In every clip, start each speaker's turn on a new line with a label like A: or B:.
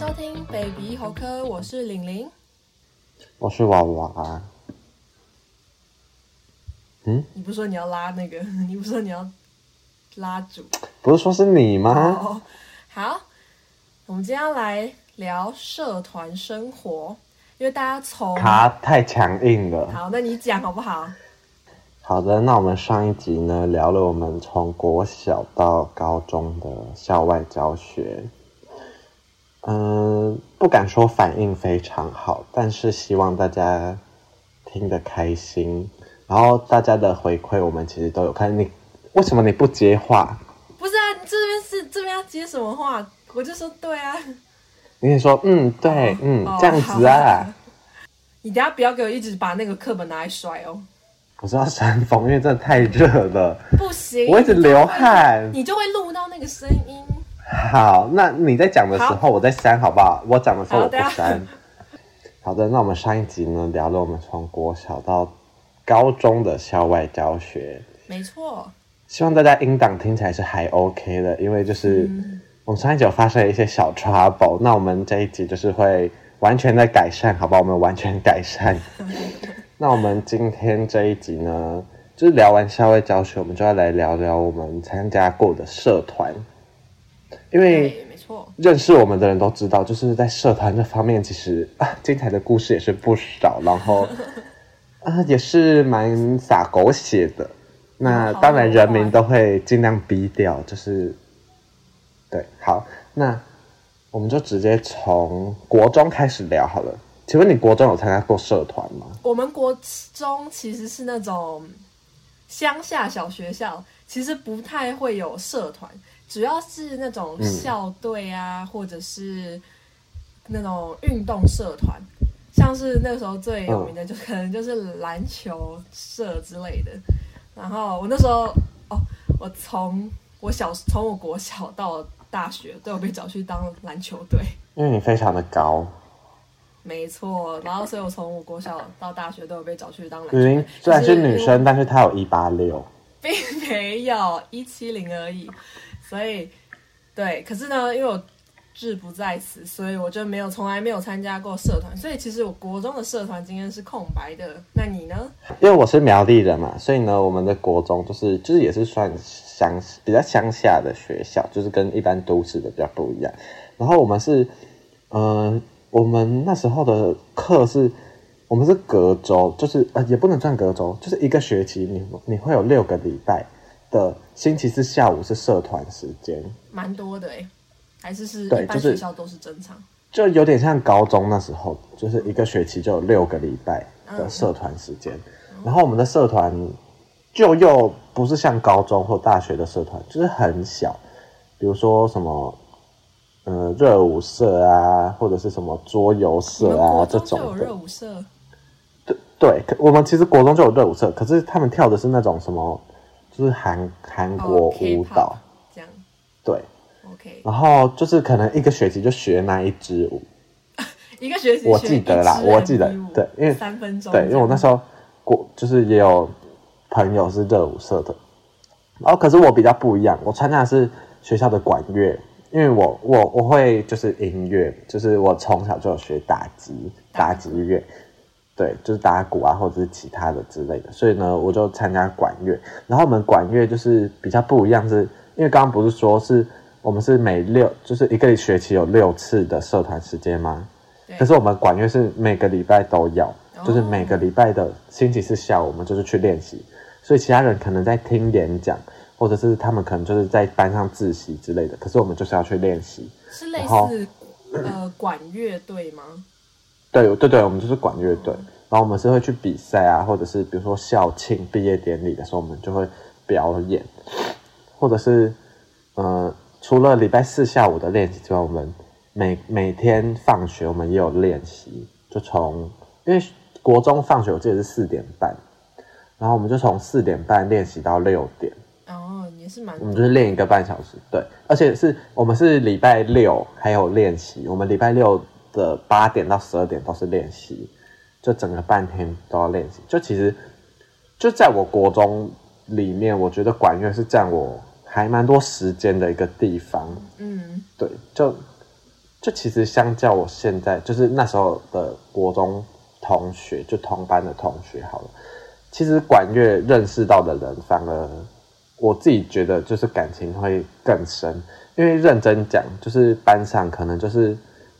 A: 收聽《baby 猴科》，我是玲
B: 玲，我是娃娃。嗯，
A: 你不是說你要拉那個，你不是說你要拉主，
B: 不是說是你嗎
A: ？Oh, 好，我們今天要來聊社團生活，因為大家從他
B: 太強硬了。
A: 好，那你講好不好？
B: 好的，那我們上一集呢聊了我們從國小到高中的校外教學。嗯、呃，不敢說反應非常好，但是希望大家聽得開心。然後大家的回饋我們其實都有看你。你為什麼你不接話？
A: 不是啊，這邊是這邊要接什麼話？我就說對
B: 啊。你可以說嗯對、哦、嗯、哦、這樣子啊。啊你
A: 等下不要給我一直把那個課本拿來甩哦。
B: 我知道扇風，因為真的太熱了。不
A: 行，我一直流汗，你就會，你就會錄到那個聲音。
B: 好，那你在講的時候，我在刪，好不好？好，我講的時候我不刪、啊。好的，那我們上一集呢，聊了我們從國小到高中的校外教學，沒錯。希望大家音檔聽起來是還 OK 的，因為就是我們上一集有發生了一些小 trouble，嗯。那我們這一集就是會完全在改善，好不好？我們完全改善。 那我們今天這一集呢，就是聊完校外教學，我們就要來聊聊我們參加過的社團。因為認識我們的人都知道，就是在社團這方面，其實、啊、精彩的故事也是不少。然後、啊、也是蠻灑狗血的。
A: 那當然，人名
B: 都會盡量避掉。就是對，好，那我們就直接從國中開始聊好了。請問你國中有參加過社團嗎？
A: 我們國中其實是那種鄉下小學校，其實不太會有社團。主要是那種校隊啊、嗯，或者是那種運動社團，像是那個時候最有名的，就可能就是籃球社之類的、嗯。然後我那時候，哦，我從我小從我國小到大學都有被找去當籃球隊，
B: 因為你非常的高。
A: 沒錯，然後所以我從我國小到大學都有被找去當籃球隊。林林、就是、雖然是女生，欸、但是
B: 她有一八六，
A: 並沒有一七零而已。所以，對，可是呢，因為我志不在此，所以我就沒有，從來沒有參加過社團。所以其實我國中的社團經驗是空白的。那
B: 你呢？因為我是苗栗人嘛，所以呢，我們的國中就是就是也是算鄉比較鄉下的學校，就是跟一般都市的比較不一樣。然後我們是，呃，我們那時候的課是，我們是隔週，就是呃也不能算隔週，就是一個學期你你會有六個禮拜的星期四下午是社團時間，
A: 蠻多的欸，還是是，對，就是學校都是正
B: 常，就有點像高中那時候，就是一個學期就有六個禮拜的社團時間。然後我們的社團就又不是像高中或大學的社團，就是很小，比如說什麼，呃，熱舞社啊，或者是什麼桌遊社啊這種熱舞
A: 社。
B: 對對，我們其實國中就有熱舞社，可是他們跳的是那種什麼。就是韓韓國舞蹈，oh,
A: 這樣
B: 對，OK。然後就是可能一個學期就學那一支舞，
A: 一個學期。我記得啦，我記得，對，因為三分鐘。對，因為我那時候
B: 國就是也有朋友是熱舞社的，然後可是我比較不一樣，我參加的是學校的管樂，因為我我我會就是音樂，就是我從小就有學打擊，打擊樂。啊對，就是打鼓啊，或者是其他的之類的。所以呢，我就參加管樂。然後我們管樂就是比較不一樣是，是因為剛剛不是說是我們是每六就是一個學期有六次的社團時間嗎？對。可是我們管樂是每個禮拜都要，oh. 就是每個禮拜的星期四下午我們就是去練習。所以其他人可能在聽演講，或者是他們可能就是在班上自習之類的。可是我們就是要去練習。
A: 是類似呃管樂隊嗎？
B: 對，對對對，我們就是管樂隊。Oh. 然後我們是會去比賽啊，或者是比如說校慶、畢業典禮的時候，我們就會表演，或者是，呃，除了禮拜四下午的練習之外，我們每每天放學我們也有練習。就從因為國中放學我記得是四點半，然後我們就從四點半練習到六點。哦，也
A: 是蠻。我們就是練
B: 一個半小時，對，而且是我們是禮拜六還有練習，我們禮拜六的八點到十二點都是練習。就整個半天都要練習，就其實就在我國中裡面，我覺得管樂是占我還蠻多時間的一個地方。嗯，對，就就其實相較我現在就是那時候的國中同學，就同班的同學好了。其實管樂認識到的人，反而我自己覺得就是感情會更深，因為認真講，就是班上可能就是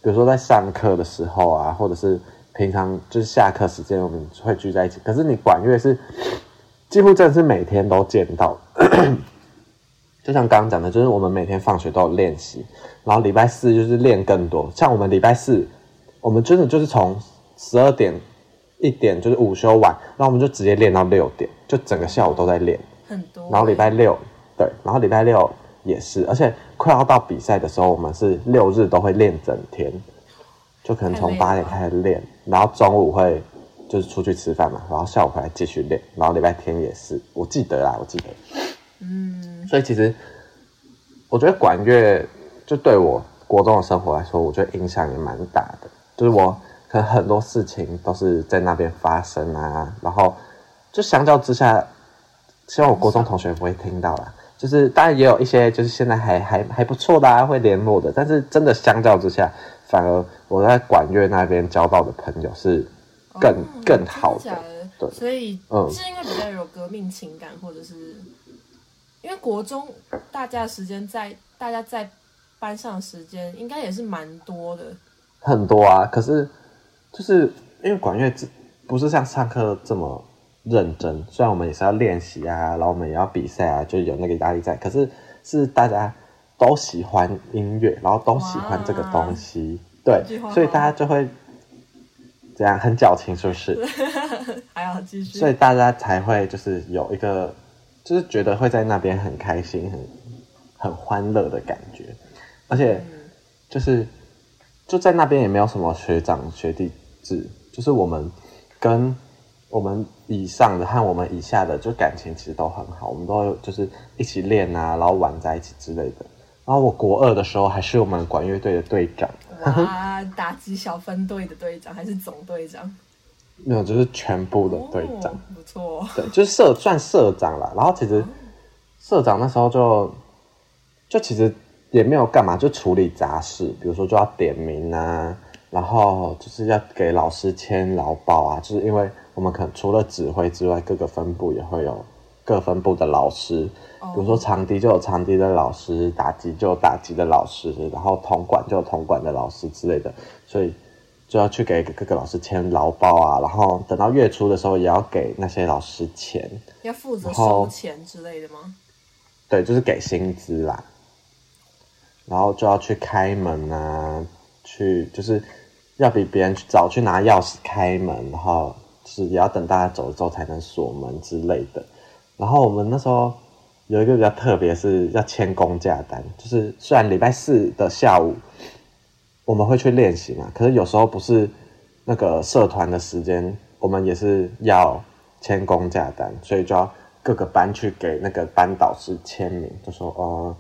B: 比如說在上課的時候啊，或者是。平常就是下課時間，我們會聚在一起。可是你管樂是幾乎真的是每天都見到，咳咳就像剛剛講的，就是我們每天放學都有練習，然後禮拜四就是練更多。像我們禮拜四，我們真的就是從十二點一點就是午休完，然後我們就直接練到六點，就整個下午都在練。很多。然後禮拜六，對，然後禮拜六也是，而且快要到比賽的時候，我們是六日都會練整天。就可能從八點開始練，然後中午會就是出去吃飯嘛，然後下午回來繼續練，然後禮拜天也是，我記得啦，我記得，嗯，所以其實我覺得管樂就對我國中的生活來說，我覺得影響也蠻大的，就是我可能很多事情都是在那邊發生啊，然後就相較之下，希望我國中同學不會聽到啦。嗯、就是當然也有一些就是現在還還還不錯啦，會聯絡的，但是真的相較之下。反而我在管樂那邊交到的朋友是更、哦、更好的，對所以、嗯、是因
A: 為比較有革命情感，或者是因為國中大家的時間在大家在班上的時間應該也是蠻多的，
B: 很多啊。可是就是因為管樂不是像上課這麼認真，雖然我們也是要練習啊，然後我們也要比賽啊，就有那個壓力在，可是是大家。都喜歡音樂，然後都喜歡這個東西，對，所以大家就會這樣很矯情，是不是？
A: 還要繼續，所以
B: 大家才會就是有一個，就是覺得會在那邊很開心、很很歡樂的感覺，而且就是就在那邊也沒有什麼學長學弟制，就是我們跟我們以上的和我們以下的就感情其實都很好，我們都就是一起練啊，然後玩在一起之類的。然後我國二的時候還是我們管樂隊的隊長，
A: 哇，打擊小分隊的隊長還是總隊長，
B: 沒有，就是全部的隊長，哦，
A: 不錯，對，
B: 就是社算社長啦。然後其實社長那時候就就其實也沒有幹嘛，就處理雜事，比如說就要點名啊，然後就是要給老師簽勞保啊，就是因為我們可能除了指揮之外，各個分部也會有。各分部的老師，比如說長笛就有長笛的老師，oh. 打擊就有打擊的老師，然後銅管就有銅管的老師之類的，所以就要去給各個老師簽勞保啊，然後等到月初的時候也要給那些老師錢，要
A: 負責收錢之類的嗎？
B: 對，就是給薪資啦，然後就要去開門啊，去就是要比別人早去,去拿鑰匙開門，然後就是也要等大家走了之後才能鎖門之類的。然後我們那時候有一個比較特別，是要簽公假單，就是雖然禮拜四的下午我們會去練習嘛，可是有時候不是那個社團的時間，我們也是要簽公假單，所以就要各個班去給那個班導師簽名，就說呃，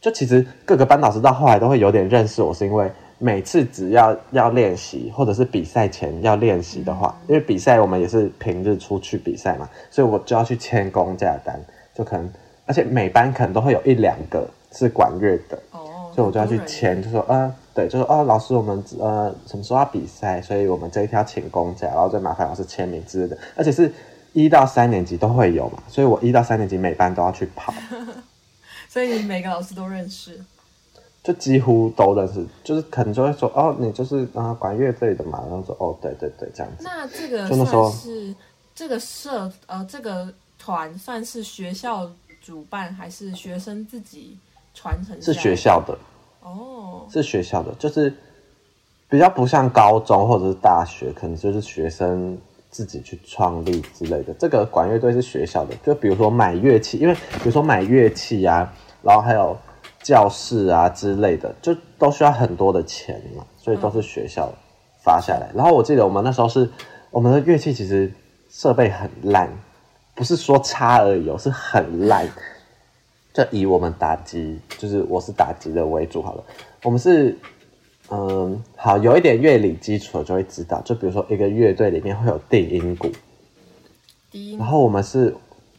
B: 就其實各個班導師到後來都會有點認識我，是因為。每次只要要練習，或者是比賽前要練習的話，嗯，因為比賽我們也是平日出去比賽嘛，所以我就要去簽公假單，就可能，而且每班可能都會有一兩個是管樂的，哦，所以我就要去簽，就說啊，呃，對，就說哦，老師，我們呃什麼時候要比賽，所以我們這一天要請公假，然後再麻煩老師簽名之類的。而且是一到三年級都會有嘛，所以我一到三年級每班都要去跑，
A: 所以每個老師都認識。
B: 就幾乎都認識，就是可能就會說哦，你就是啊管樂隊的嘛，然後說哦，對對對，這樣子。
A: 那這個算是就這個社呃這個團算是學校主辦還是學生自己傳承下的？是學校的。
B: 哦。是學校的，就是比較不像高中或者是大學，可能就是學生自己去創立之類的。這個管樂隊是學校的，就比如說買樂器，因為比如說買樂器啊，然後還有。教室啊之類的，就都需要很多的錢嘛，所以都是學校、嗯、發下來。然後我記得我們那時候是我們的樂器，其實設備很爛，不是說差而已，哦，是很爛。就以我們打擊，就是我是打擊的為主好了。我們是，嗯，好，有一點樂理基礎就會知道，就比如說一個樂隊裡面會有定音鼓定，然後我們是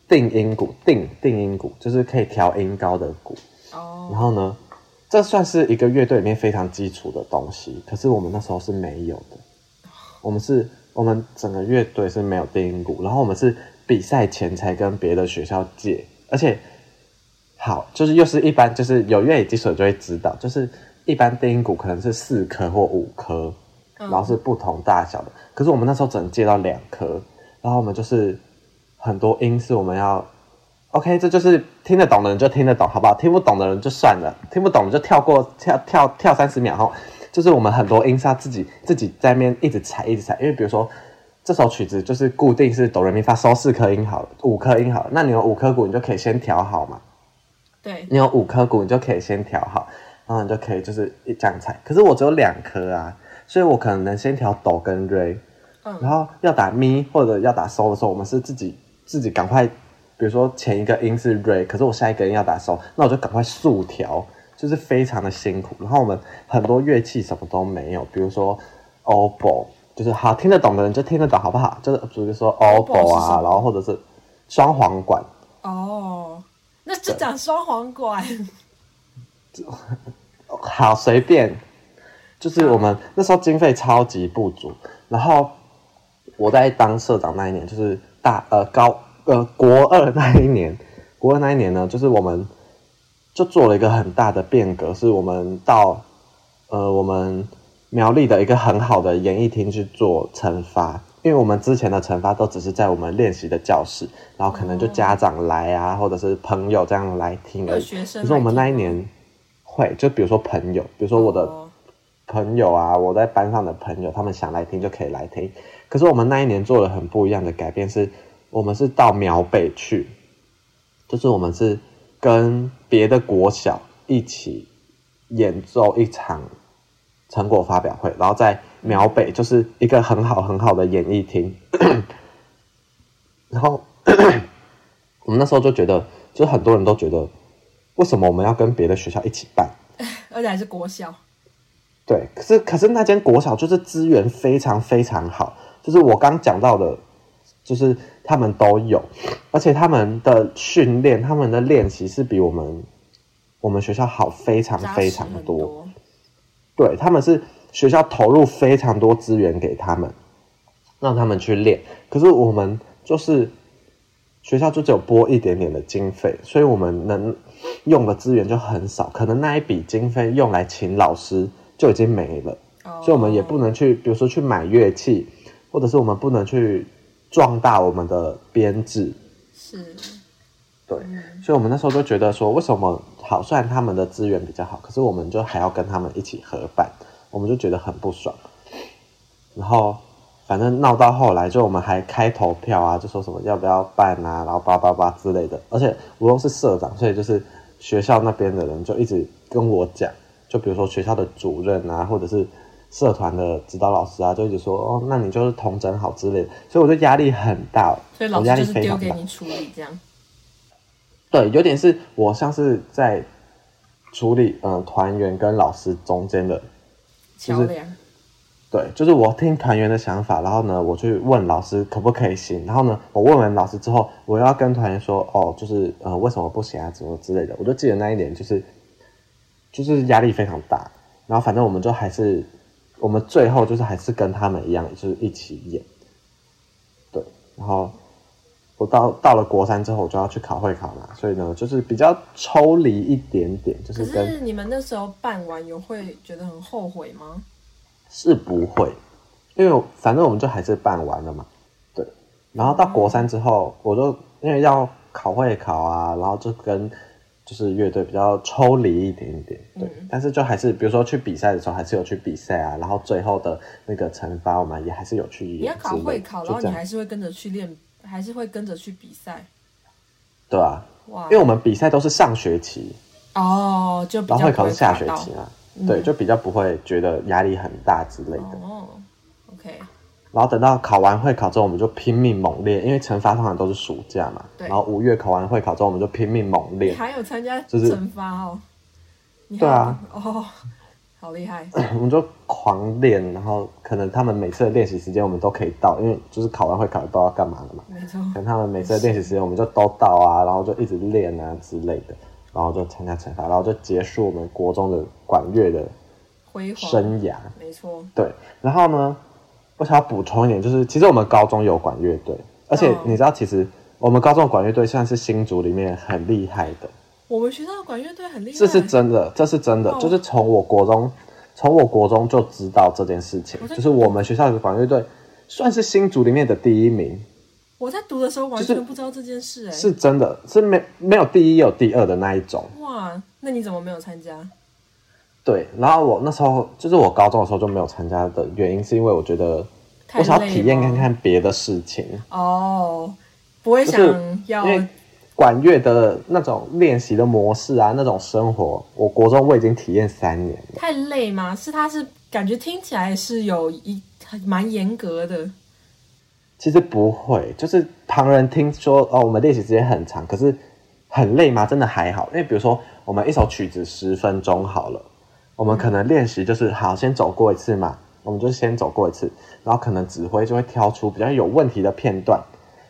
B: 定音鼓，定定音鼓就是可以調音高的鼓。然後呢，這算是一個樂隊裡面非常基礎的東西，可是我們那時候是沒有的。我們是，我們整個樂隊是沒有定音鼓，然後我們是比賽前才跟別的學校借，而且好，就是又是一般，就是有樂理基礎就會知道，就是一般定音鼓可能是四顆或五顆，然後是不同大小的。可是我們那時候只能借到兩顆，然後我們就是很多音是我們要。OK，這就是聽得懂的人就聽得懂，好不好？聽不懂的人就算了，聽不懂就跳過，跳跳跳三十秒。然後，就是我們很多音是要自己自己在那邊一直踩一直踩。因為比如說這首曲子就是固定是哆來咪發嗦，四顆音好了，五顆音好了。那你有五顆鼓，你就可以先調好嘛。
A: 對，你有
B: 五顆鼓，你就可以先調好，然後你就可以就是一這樣踩。可是我只有兩顆啊，所以我可能先調哆跟瑞、嗯，然後要打咪或者要打嗦、so、的時候，我們是自己自己趕快。比如說前一個音是 re，可是我下一個音要打 s，那我就趕快速調，就是非常的辛苦。然後我們很多樂器什麼都沒有，比如說 o p p o，就是好，聽得懂的人就聽得懂，好不好？就是比如說 o p p o 啊，然後或者是雙簧管。哦，那就講雙簧管，好隨便。就是我們那時候經費超級不足，然後我在當社長那一年，就是大呃高。呃，國二那一年， 國二那一年呢，就是我們就做了一個很大的變革，是我們到呃我們苗栗的一個很好的演藝廳去做成發，因為我們之前的成發都只是在我們練習的教室，然後可能就家長來啊，嗯、或者是朋友這樣來聽而已。學生，可是我們那一年會就比如說朋友，比如說我的朋友啊，我在班上的朋友，他們想來聽就可以來聽。可是我們那一年做了很不一樣的改變是。我們是到苗北去，就是我們是跟別的國小一起演奏一場成果發表會，然後在苗北就是一個很好很好的演藝廳。 然後 我們那時候就覺得，就是很多人都覺得，為什麼我們要跟別的學校一起辦，
A: 而且還是國小？
B: 對，可是可是那間國小就是資源非常非常好，就是我剛講到的。就是他們都有，而且他們的訓練、他們的練習是比我們我們學校好非常非常多。多。對，他們是學校投入非常多資源給他們，讓他們去練。可是我們就是學校就只有撥一點點的經費，所以我們能用的資源就很少。可能那一筆經費用來請老師就已經沒了，Oh. 所以我們也不能去，比如說去買樂器，或者是我們不能去。壯大我們的編制，是，對，所以，我們那時候就覺得說，為什麼好？雖然他們的資源比較好，可是我們就還要跟他們一起合辦，我們就覺得很不爽。然後，反正鬧到後來，就我們還開投票啊，就說什麼要不要辦啊，然後叭叭叭之類的。而且，我又是社長，所以就是學校那邊的人就一直跟我講，就比如說學校的主任啊，或者是。社團的指導老師啊，就一直說哦，那你就是同整好之類的。所以我就壓力很大。所以老師就是丟給你處理這樣。對，有點是我像是在處理呃團員跟老師中間的橋樑，就是。對，就是我聽團員的想法，然後呢，我去問老師可不可以行，然後呢，我問完老師之後，我又要跟團員說哦，就是呃為什麼不行啊，怎麼之類的。我就記得那一點，就是就是壓力非常大，然後反正我們就還是。我們最後就是還是跟他們一樣，就是一起演，對。然後我到到了國三之後，我就要去考會考嘛，所以呢，就是比較抽離一點點，就是跟。可是
A: 你們那時候辦完有會覺得很後悔嗎？
B: 是不會，因為反正我們就還是辦完了嘛，對。然後到國三之後、嗯，我就因為要考會考啊，然後就跟。就是樂隊比較抽離一點一點，對、嗯。但是就還是，比如說去比賽的時候，還是有去比賽啊。然後最後的那個成發，我們也還是有去。你要考會考，然後
A: 你還是會跟着去練，還是會跟着去比賽，對啊，因為我們
B: 比賽都是上學期，
A: 哦，就比較會,會考是下學期
B: 啊、嗯。對，就比較不會覺得壓力很大之類的。
A: 哦，OK。
B: 然後等到考完會考之後，我們就拼命猛練，因為成發通常都是暑假嘛。對。然後五月考完會考之後，我們就拼命猛練，
A: 還有參加成發、哦、就是成發哦。對啊。哦，好厲害
B: 我們就狂練，然後可能他們每次的練習時間我們都可以到，因為就是考完會考都要幹嘛的嘛。沒錯。等他們每次的練習時間，我們就都到啊，然後就一直練啊之類的，然後就參加成發然後就結束我們國中的管樂的輝
A: 煌生涯。沒錯。
B: 對，然後呢？我想要補充一點，就是其實我們高中有管樂隊，oh. 而且你知道，其實我們高中的管樂隊算是新竹裡面很厲害的。我們學校的管樂
A: 隊很厲害，這是
B: 真的，這是真的，oh. 就是從我國中，從我國中就知道這件事情，oh. 就是我們學校的管樂隊算是新竹裡面的第一名。
A: 我在讀的時候完全不知道這件事、欸，哎、就是，
B: 是真的是沒沒有第一有第二的那一種。哇、
A: wow.，那你怎麼沒有參加？
B: 對，然後我那時候就是我高中的時候就沒有參加的原因，是因為我覺得，
A: 我想體驗看看
B: 別的事情哦，oh, 不
A: 會想要
B: 因為管樂的那種練習的模式啊，那種生活，我國中我已經體驗三年了。
A: 太累嗎？是，他是感覺聽起來是有一很蠻嚴格的。
B: 其實不會，就是旁人聽說哦，我們練習時間很長，可是很累嗎？真的還好，因為比如說我們一首曲子十分鐘好了。我們可能練習就是好，先走過一次嘛，我們就先走過一次，然後可能指揮就會挑出比較有問題的片段，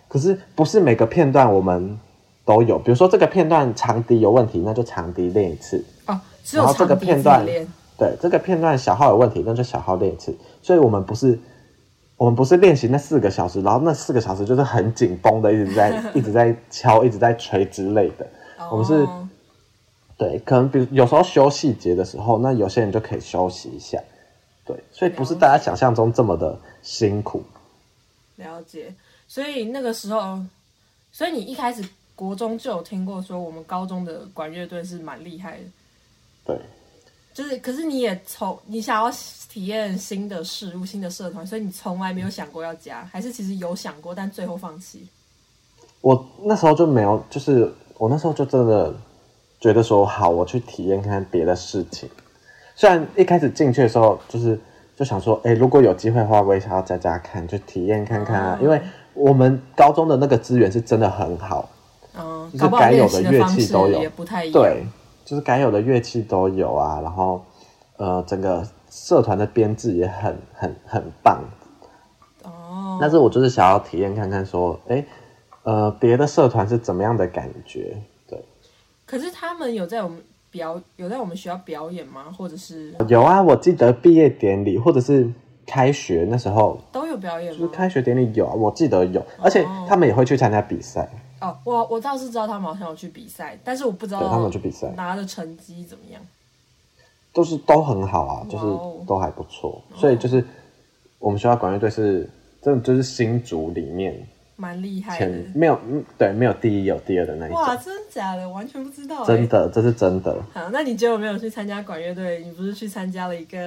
B: 可是不是每個片段我們都有，比如說這個片段長笛有問題，那就長笛練一次。
A: 哦，然後這個片段，
B: 對，這個片段小號有問題，那就小號練一次。所以我們不是，我們不是練習那四個小時，然後那四個小時就是很緊繃的，一直在 一直在敲，一直在吹之類的，哦。我們是。對，可能比如有時候修細節的時候，那有些人就可以休息一下，對，所以不是大家想象中這麼的辛苦。了
A: 解，了解，所以那個時候，所以你一開始國中就有聽過說，我們高中的管樂隊是蠻厲害的。對，就是，可是你也從你想要體驗新的事物、新的社團，所以你從來沒有想過要加，還是其實有想過，但最後放棄。
B: 我那時候就沒有，就是我那時候就真的。覺得說，好，我去體驗看別的事情。雖然一開始進去的時候，就是就想說，哎、欸，如果有機會的話，我也想要加加看，就體驗看看啊、嗯。因為我們高中的那個資源是真的很好，
A: 嗯，就是該有的樂器都有，對，
B: 就是該有的樂器都有啊。然後，呃，整個社團的編制也很很很棒。哦、嗯，但是我就是想要體驗看看，說，哎、欸，呃，別的社團是怎麼樣的感覺？
A: 可是他們有在我們表有在我們學校
B: 表演嗎？或者是有啊，我記得畢業典禮或者是開學那時候都有表演嗎？就是開學典禮有啊，我記得有，oh. 而且他們也會去參加比賽。
A: 哦、oh,，我我倒是知道他們好像有去比賽，但是我不知道對他們去比賽拿的成績怎麼樣，
B: 都是都很好啊，就是、oh. 都還不錯，所以就是、oh. 我們學校的管樂隊是這種就是新竹裡面。蠻厲害的，沒有、嗯，對，沒有第一，有第二的那一
A: 種。哇，真的假的？完全不知道。真的，
B: 這是真的。
A: 好，那你結果沒有去參加管樂隊，你不是去參加了一個？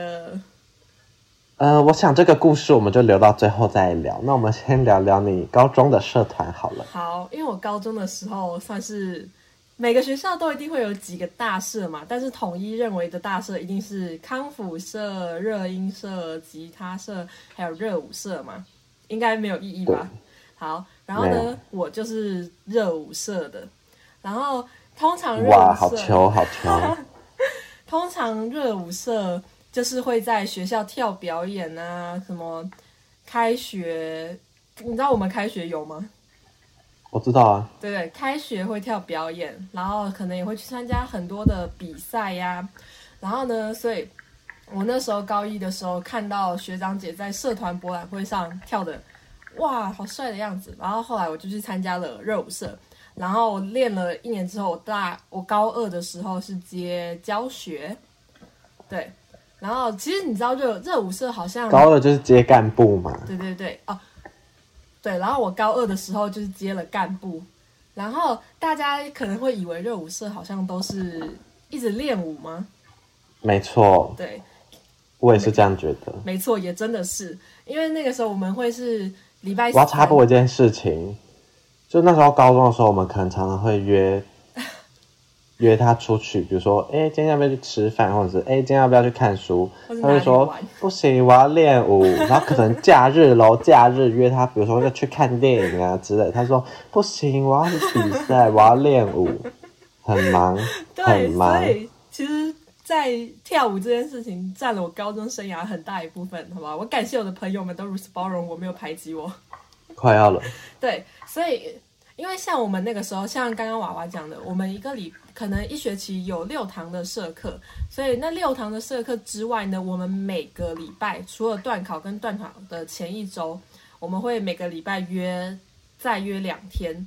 B: 呃，我想這個故事我們就留到最後再聊。那我們先聊聊你高中的社團好了。
A: 好，因為我高中的時候，算是每個學校都一定會有幾個大社嘛，但是統一認為的大社一定是康輔社、熱音社、吉他社，還有熱舞社嘛，應該沒有異議吧？好，然後呢，我就是熱舞社的，然後通常熱舞社，哇，好挑，好挑 通常熱舞社就是會在學校跳表演啊，什麼開學，你知道我們開學有嗎？
B: 我知道
A: 啊。對對，開學會跳表演，然後可能也會去參加很多的比賽呀、啊。然後呢，所以我那時候高一的時候，看到學長姐在社團博覽會上跳的。哇，好帥的樣子！然後後來我就去參加了熱舞社，然後練了一年之後，我大我高二的時候是接教學，對。然後其實你知道熱，熱熱舞社好像高二
B: 就是接幹部嘛。對
A: 對對，哦，對。然後我高二的時候就是接了幹部。然後大家可能會以為熱舞社好像都是一直練舞嗎？
B: 沒錯。對，我也是這樣覺得沒。
A: 沒錯，也真的是，因為那個時候我們會是。我要插播一件
B: 事情，就那時候高中的時候，我們可能常常會約約他出去，比如說，哎，今天要不要去吃飯，或者是哎，今天要不要去看書？他會說不行，我要練舞。 然後可能假日嘍，假日約他，比如說要去看電影啊之類，他說不行，我要去比賽， 我要練舞，很忙，
A: 很忙。其實。在跳舞這件事情占了我高中生涯很大一部分，好吧？我感謝我的朋友們都如此包容我，沒有排擠我。
B: 快要了。
A: 對，所以因為像我們那個時候，像剛剛娃娃講的，我們一個禮可能一學期有六堂的社課，所以那六堂的社課之外呢，我們每個禮拜除了段考跟段考的前一周，我們會每個禮拜約再約兩天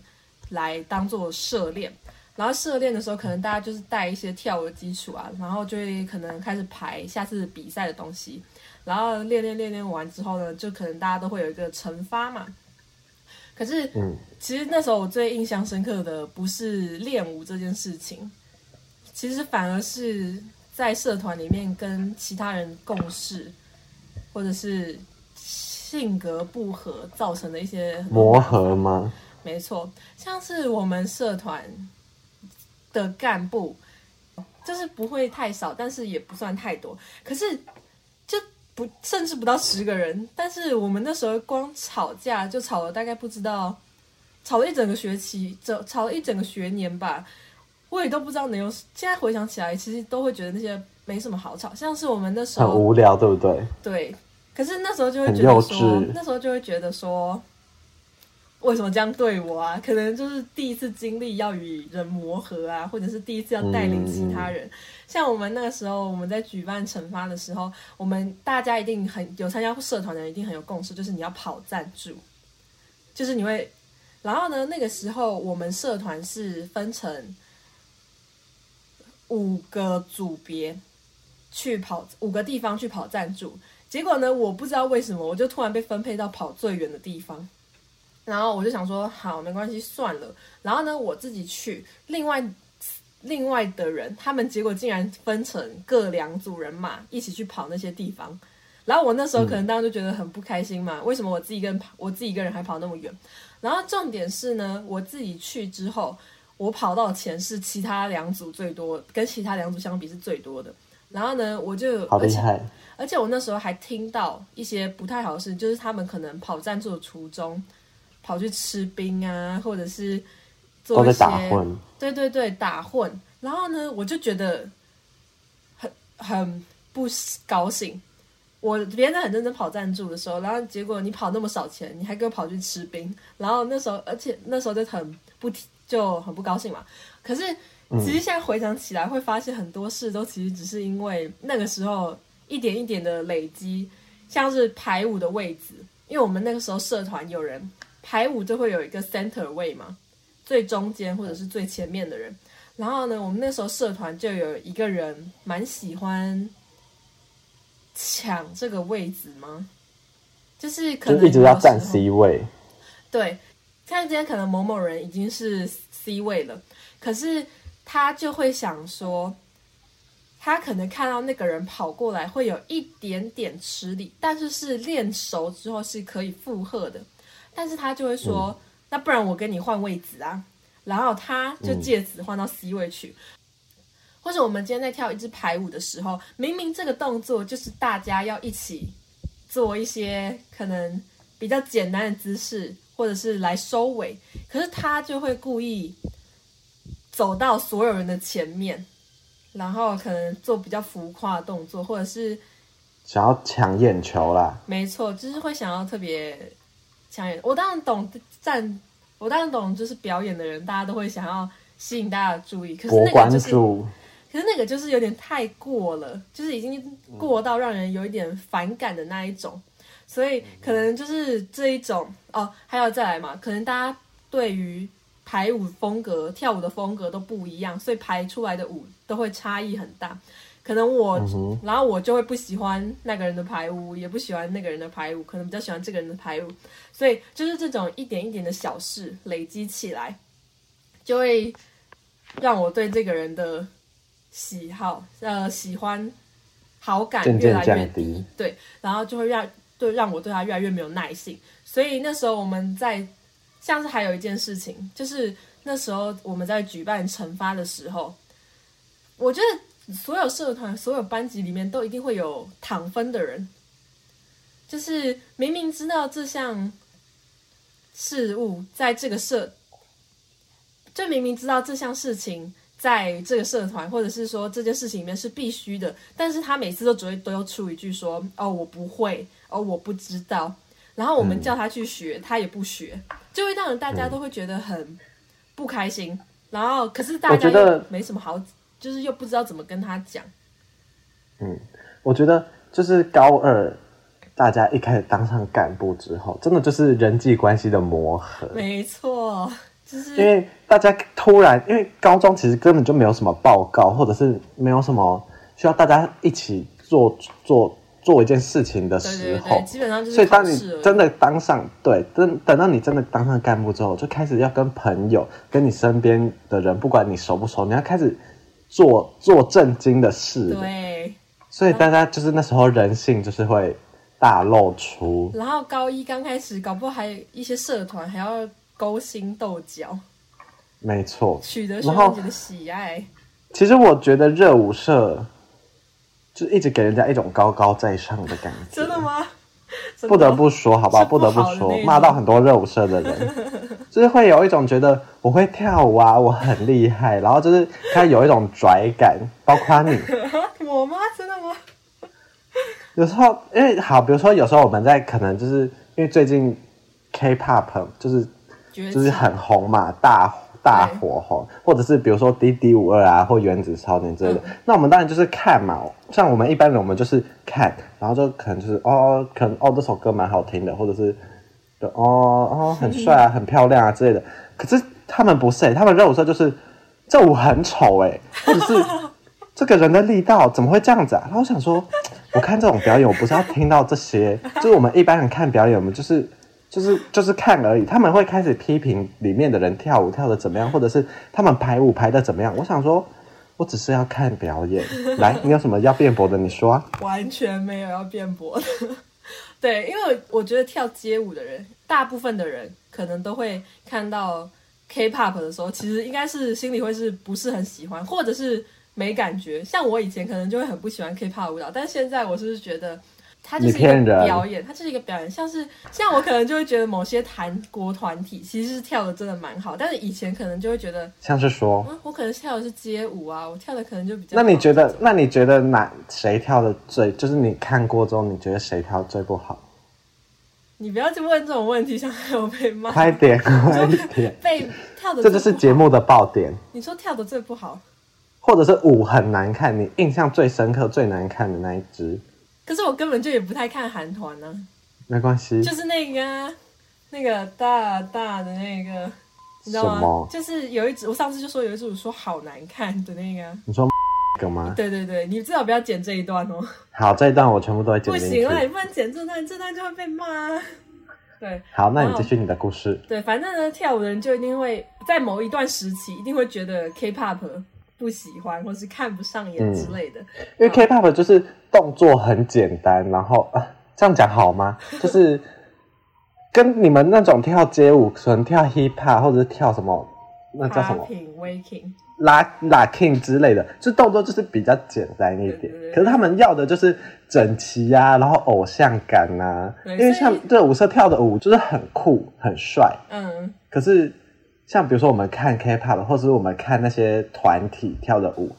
A: 來當做社練。然後社練的時候，可能大家就是帶一些跳舞的基礎啊，然後就會可能開始排下次比賽的東西，然後練練練練，練完之後呢，就可能大家都會有一個懲罰嘛。可是，嗯、其實那時候我最印象深刻的不是練舞這件事情，其實反而是在社團裡面跟其他人共事，或者是性格不合造成的一些磨合嗎？沒錯，像是我們社團。的幹部就是不會太少，但是也不算太多。可是就不甚至不到十個人。但是我們那時候光吵架就吵了大概不知道吵了一整個學期，就吵了一整個學年吧。我也都不知道能有。現在回想起來，其實都會覺得那些沒什麼好吵，像是我們那時候很無聊，對不對？對。可是那時候就會覺得說，那時候就會覺得說。為什麼這樣對我啊？可能就是第一次經歷要與人磨合啊，或者是第一次要帶領其他人。像我們那個時候，我們在舉辦成發的時候，我們大家一定很有參加社團的人一定很有共識，就是你要跑贊助，就是你會。然後呢，那個時候我們社團是分成五個組別去跑五個地方去跑贊助。結果呢，我不知道為什麼，我就突然被分配到跑最遠的地方。然後我就想說，好，沒關係，算了。然後呢，我自己去，另外另外的人，他們結果竟然分成各兩組人馬一起去跑那些地方。然後我那時候可能當時就覺得很不開心嘛，嗯、為什麼我自己一個人跑，我自己一個人還跑那麼遠？然後重點是呢，我自己去之後，我跑到錢是其他兩組最多跟其他兩組相比是最多的。然後呢，我就而且好厲害，而且我那時候還聽到一些不太好的事，就是他們可能跑贊助的途中，跑去吃冰啊，或者是做一些打混對對對打混，然後呢，我就覺得很很不高興。我別人在很認真跑贊助的時候，然後結果你跑那麼少錢，你還給我跑去吃冰，然後那時候，而且那時候就很不就很不高興嘛。可是其實現在回想起來，嗯，會發現很多事都其實只是因為那個時候一點一點的累積，像是排舞的位置，因為我們那個時候社團有人，排舞就會有一個 center 位嘛，最中間或者是最前面的人。然後呢，我們那時候社團就有一個人蠻喜歡搶這個位置嘛。就是可能就一直要佔 C 位。對，看今天可能某某人已經是 C 位了，可是他就會想說，他可能看到那個人跑過來會有一點點吃力，但是是練熟之後是可以負荷的。但是他就會說：“嗯、那不然我跟你換位子啊。”然後他就借此換到 C 位去。嗯、或者我們今天在跳一支排舞的時候，明明這個動作就是大家要一起做一些可能比較簡單的姿勢，或者是來收尾，可是他就會故意走到所有人的前面，然後可能做比較浮誇的動作，或者是
B: 想要搶眼球啦。
A: 沒錯，就是會想要特別。搶眼，我當然懂站，我當然懂，就是表演的人，大家都會想要吸引大家的注意。可是那個就是，可是那個就是有點太過了，就是已經過到讓人有一點反感的那一種。所以可能就是這一種哦，還要再來嘛。可能大家對於排舞風格、跳舞的風格都不一樣，所以排出來的舞都會差異很大。可能我、嗯，然後我就會不喜歡那個人的排舞，也不喜歡那個人的排舞，可能比較喜歡這個人的排舞。所以就是這種一點一點的小事累積起來，就會讓我對這個人的喜好、呃喜歡、好感越來越漸漸降低。對，然後就會讓對讓我對他越來越沒有耐性。所以那時候我們在，像是還有一件事情，就是那時候我們在舉辦懲罰的時候，我覺得。所有社團、所有班級裡面都一定會有躺分的人，就是明明知道這項事物在這個社，就明明知道這項事情在這個社團，或者是說這件事情裡面是必須的，但是他每次都只會都要出一句說：“哦，我不會，哦，我不知道。”然後我們叫他去學，嗯、他也不學，就會讓人大家都會覺得很不開心。嗯、然後可是大家又沒什麼好。
B: 就是又不知道怎麼跟他講。嗯，我覺得就是高二大家一開始當上幹部之後，真的就是人際關係的磨合。沒
A: 錯，就是因為
B: 大家突然，因為高中其實根本就沒有什麼報告，或者是沒有什麼需要大家一起做做做一件事情的時候，對對對，基本上就是。所以當你真的當上，對，等等到你真的當上幹部之後，就開始要跟朋友、跟你身邊的人，不管你熟不熟，你要開始。做做正經的事的，對，所以大家就是那時候人性就是會大露出。
A: 然後高一剛開始，搞不好還有一些社團還要勾心鬥角，
B: 沒錯，取得學姐的
A: 喜愛。然後，
B: 其實我覺得熱舞社就一直給人家一種高高在上的感覺。
A: 真的嗎？不得
B: 不說，好不好？不得不說，罵到很多熱舞社的人， 就是會有一種覺得我會跳舞啊，我很厲害， 然後就是他有一種拽感， 包括你，
A: 我嗎？真的嗎？
B: 有時候，因為好，比如說有時候我們在可能就是因為最近 K-pop 就是就是很紅嘛，大紅。大火吼，或者是比如說滴滴五二啊，或原子超人之類的，嗯。那我們當然就是看嘛，像我們一般人，我們就是看，然後就可能就是哦，可能哦這首歌蠻好聽的，或者是哦哦很帥啊，很漂亮啊之類的。可是他們不是、欸，他們熱舞社就是這舞很醜誒、欸，或者是 這個人的力道怎麼會這樣子啊？然後我想說，我看這種表演，我不是要聽到這些，就是我們一般人看表演，我們就是。就是就是看而已，他們會開始批評裡面的人跳舞跳得怎麼樣，或者是他們排舞排得怎麼樣。我想說，我只是要看表演。來，你有什麼要辯駁的？你說、
A: 啊、 完全沒有要辯駁的， 對，因為我覺得跳街舞的人，大部分的人可能都會看到 K-pop 的時候，其實應該是心裡會是不是很喜歡，或者是沒感覺。像我以前可能就會很不喜歡 K-pop 舞蹈，但現在我就是覺得。
B: 他就是一個表演，他就是一個表
A: 演，像是像我可能就會覺得某些韓國團體其實是跳的真的蠻好，但是以前可能就會覺得像是說、嗯，我可能跳的是街舞啊，我跳的可
B: 能就比較好……那你覺得，那你覺得哪誰跳的最，就是你看過之後，你覺得誰跳得最不好？
A: 你不要去問這種問題，想讓我被罵，快一
B: 點，快一點被，
A: 被跳的， 這就是
B: 節目的爆點。
A: 你說跳的最不好，
B: 或者是舞很難看，你印象最深刻、最難看的那一支。
A: 可是我根本就也不太看韓團呢。
B: 沒關係，就是
A: 那個那個大大的那個，你知道嗎？就是有一支我上次就說有一支我說好難看的那個，
B: 你說幹嘛？對
A: 對對，你至少不要剪這一段哦、喔。
B: 好，這一段我全部都來剪。不行了，了
A: 你不能剪這段，這段就會被罵。對，好，那你繼續你的故事。對，反正呢，跳舞的人就一定會在某一段時期，一定會覺得 K-pop 不喜歡或是看不上眼之類的，嗯、
B: 因為 K-pop 就是。動作很簡單，然後啊，這樣講好嗎？ 就是跟你們那種跳街舞，純跳 hiphop 或者是跳什麼那叫什麼
A: Waacking、
B: Locking 之類的，就動作就是比較簡單一點。對對對對，可是他們要的就是整齊呀、啊，然後偶像感啊。因為像這舞社跳的舞就是很酷、很帥。嗯。可是像比如說我們看 K-pop，或者我們看那些團體跳的舞。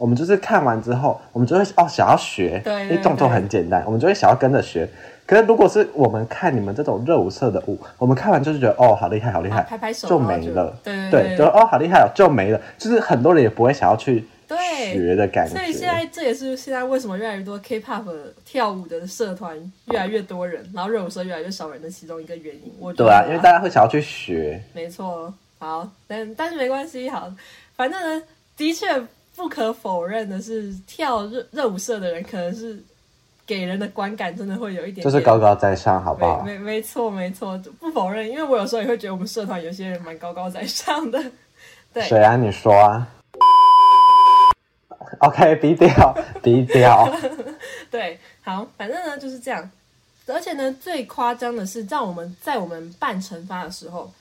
B: 我們就是看完之後，我們就會哦想要學，對對對，因為動作很簡單，我們就會想要跟着學。可是如果是我們看你們這種熱舞社的舞，我們看完就是覺得哦好厲害，好厲害，啊、拍拍手就沒了。對，對對，對就是哦好厲害，就沒了。就是很多人也不會想要去
A: 學的感覺。所以現在這也是現在為什麼越來越多 K-pop 跳舞的社團越來越多人，然後熱舞社越來越少人的其中一個原因。我覺得，
B: 對啊，因為大家會想要去學。嗯、沒
A: 錯，好，但但是沒關係，好，反正呢，的確。不可否認的是，跳熱熱舞社的人可能是給人的觀感真的會有一點點，就是高高
B: 在上，好不好？
A: 沒沒，沒錯，沒錯，就不否認。因為我有時候也會覺得我們社團有些人蠻高高在上的。對，誰啊？
B: 你說啊 ？OK，低調，低調。
A: 對，好，反正呢就是這樣。而且呢，最誇張的是，讓我們在我們辦成發的時候，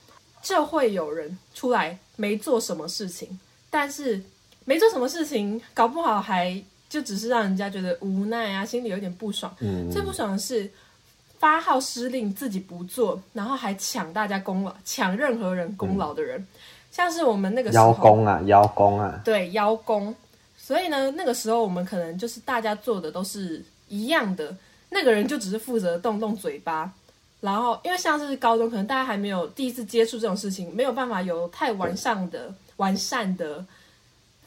A: 就會有人出來沒做什麼事情，但是。沒做什麼事情，搞不好還就只是讓人家覺得無奈啊，心裡有點不爽。嗯、最不爽的是發號施令，自己不做，然後還搶大家功勞，搶任何人功勞的人，嗯、像是我們那個時候邀功啊，
B: 邀功啊，
A: 對，邀功。所以呢，那個時候我們可能就是大家做的都是一樣的，那個人就只是負責動動嘴巴。然後，因為像是高中，可能大家還沒有第一次接觸這種事情，沒有辦法有太完善的、完善的。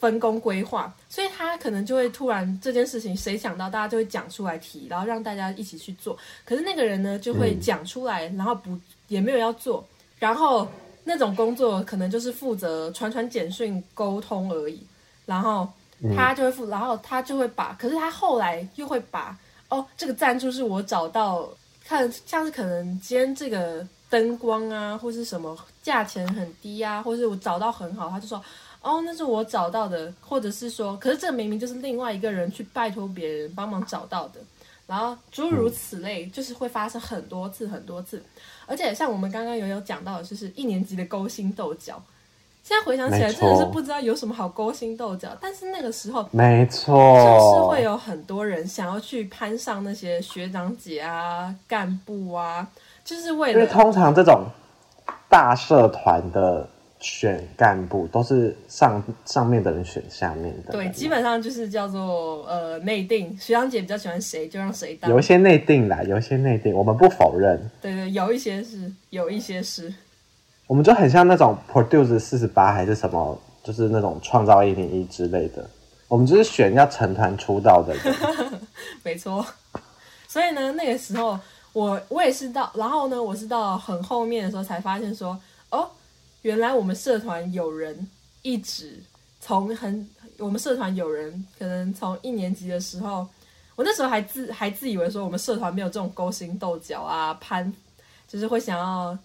A: 分工規劃，所以他可能就會突然這件事情誰想到，大家就會講出來提，然後讓大家一起去做。可是那個人呢，就會講出來，然後不也沒有要做，然後那種工作可能就是負責傳傳簡訊溝通而已。然後他就會負，然後他就會把，可是他後來又會把哦，這個贊助是我找到，看像是可能今天這個。燈光啊，或是什麼價錢很低啊，或是我找到很好，他就說哦，那是我找到的，或者是說，可是這明明就是另外一個人去拜托別人幫忙找到的，然後諸如此類，就是會發生很多次很多次。嗯。而且像我們剛剛有有講到，就是一年級的勾心鬥角，現在回想起來真的是不知道有什麼好勾心鬥角，但是那個時候沒錯，就是會有很多人想要去攀上那些學長姐啊、幹部啊。就是為了，因為通
B: 常這種大社團的選幹部都是上上面的人選下面的，
A: 對，對，基本上就是叫做呃內定，學長姐比較喜歡誰就讓誰當，有一些
B: 內定啦，有一些內定，我們不否認，
A: 對對，有一些是，有一些是，
B: 我們就很像那種 produce 四十八還是什麼，就是那種創造一零一之類的，我們就是選要成團出道的人，
A: 沒錯，所以呢，那個時候。我我也是到，然後呢，我是到很後面的時候才發現說，哦，原來我們社團有人一直從很，我們社團有人可能從一年級的時候，我那時候還自還自以為說我們社團沒有這種勾心鬥角啊，攀，就是會想要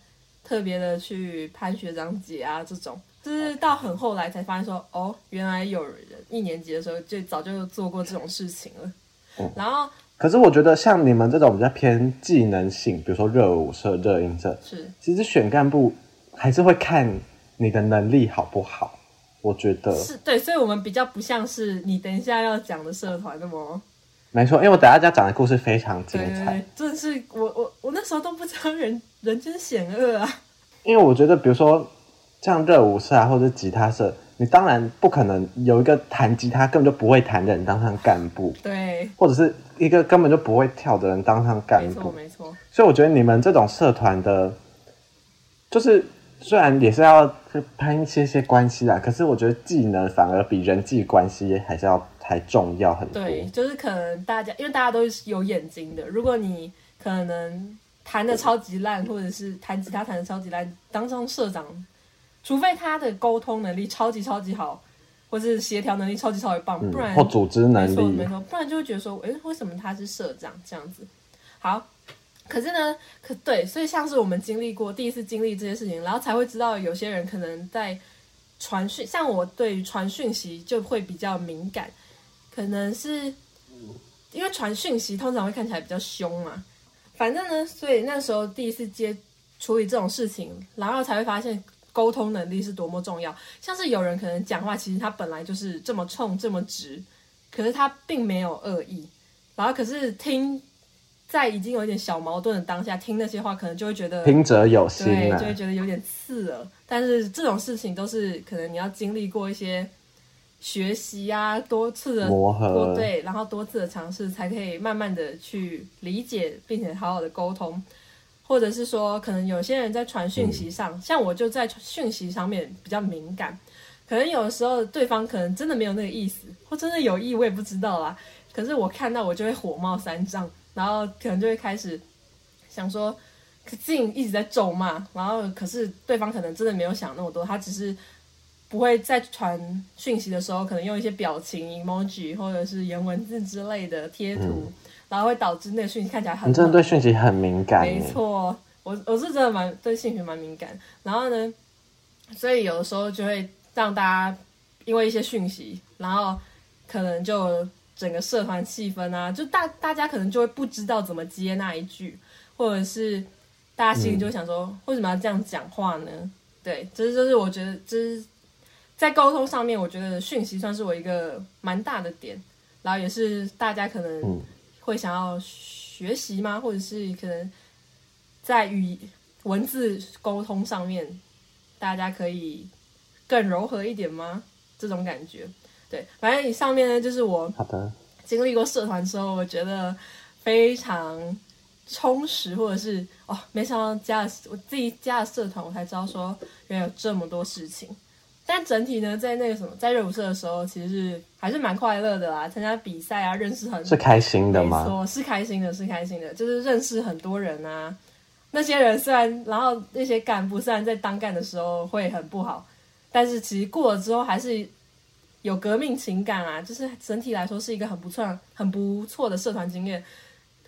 A: 特別的去攀學長姐啊這種，就是到很後來才發現說，Okay. 哦，原來有人一年級的時候就，就早就做過這種事情了，Oh. 然後。
B: 可是我覺得像你們這種比較偏技能性，比如說熱舞社、熱音社，是其實選幹部還是會看你的能力好不好？我覺得是
A: 對，所以我們比較不像是你等一下要講的社團那麼，
B: 沒錯，因為我等一下要講的故事非常精彩，真、
A: 就是我我我那時候都不知道人人間險惡
B: 啊。因為我覺得，比如說像熱舞社啊，或者吉他社。你當然不可能有一個彈吉他根本就不會彈的人當上幹部，
A: 對，或
B: 者是一個根本就不會跳的人當上幹部，沒
A: 錯，
B: 沒錯。所以我覺得你們這種社團的，就是雖然也是要去攀一些些關係啦，可是我覺得技能反而比人際關係還是要還重要很多。
A: 對，就是可能大家因為大家都是有眼睛的，如果你可能彈得超級爛，或者是彈吉他彈得超級爛，當上社長。除非他的溝通能力超級超級好，或是協調能力超級超級棒，不然，嗯、或組織
B: 能力沒錯，不
A: 然就會覺得說哎，為什麼他是社長這樣子？好，可是呢，可對，所以像是我們經歷過第一次經歷這些事情，然後才會知道有些人可能在傳訊，像我對於傳訊息就會比較敏感，可能是因為傳訊息通常會看起來比較凶嘛。反正呢，所以那時候第一次接處理這種事情，然後才會發現。溝通能力是多麼重要。像是有人可能講話，其實他本來就是這麼衝、這麼直，可是他並沒有惡意。然後可是聽，在已經有一點小矛盾的當下，聽那些話，可能就會覺得聽者有心，對，就會覺得有點刺耳。但是這種事情都是可能你要經歷過一些學習啊，多次的磨合，對，然後多次的嘗試，才可以慢慢的去理解，並且好好的溝通。或者是說，可能有些人在傳訊息上，像我就在訊息上面比較敏感，可能有的時候對方可能真的沒有那個意思，或真的有意，我也不知道啦。可是我看到我就會火冒三丈，然後可能就會開始想說，自、嗯、己一直在咒罵，然後可是對方可能真的沒有想那麼多，他只是不會在傳訊息的時候，可能用一些表情、emoji 或者是顏文字之類的貼圖。嗯然後會導致那訊息看起來很、嗯。真的對訊息很敏感。沒錯，我是我是真的蠻對訊息蠻敏感。然後呢，所以有的時候就會讓大家因為一些訊息，然後可能就整個社團氣氛啊，就大大家可能就會不知道怎麼接那一句，或者是大家心裡就想說、嗯、為什麼要這樣講話呢？對，這、就是、就是我覺得這、就是在溝通上面，我覺得訊息算是我一個蠻大的點，然後也是大家可能、嗯。會想要學習嗎？或者是可能在語文字溝通上面，大家可以更柔和一點嗎？這種感覺。對，反正你上面呢，就是我經歷過社團之後，我覺得非常充實，或者是哦，沒想到加了我自己加了社團，我才知道說原來有這麼多事情。但整體呢，在那個什麼，在熱舞社的時候，其實還是蠻快樂的啦。參加比賽啊，認識很多，是開心的嗎？說，是開心的，是開心的。就是認識很多人啊。那些人雖然，然後那些幹部雖然在當幹的時候會很不好，但是其實過了之後還是有革命情感啊。就是整體來說是一個很不錯、很不錯的社團經驗。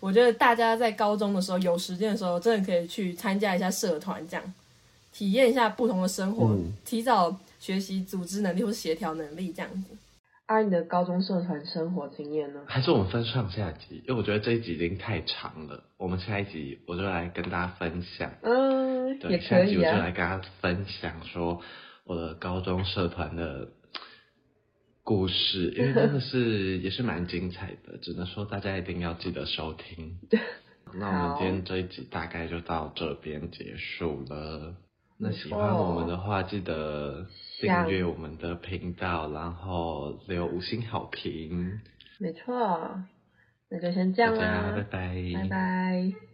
A: 我覺得大家在高中的時候有時間的時候，真的可以去參加一下社團，這樣體驗一下不同的生活，嗯、提早。學習組織能力或者協調能力這樣子。阿、啊，你的高中社團生活經驗呢？
B: 還是我們分上下集？因為我覺得這一集已經太長了。我們下一集我就來跟大家分享。嗯，
A: 對，也可以啊。下一集我就來
B: 跟大家分享說我的高中社團的故事，因為真的是也是蠻精彩的， 只能說大家一定要記得收聽。 那我們今天這一集大概就到這邊結束了。那喜歡我們的話，記得訂閱我們的頻道，嗯，然後留五
A: 星好評。沒錯，那就先這樣啦，大家拜拜，拜拜。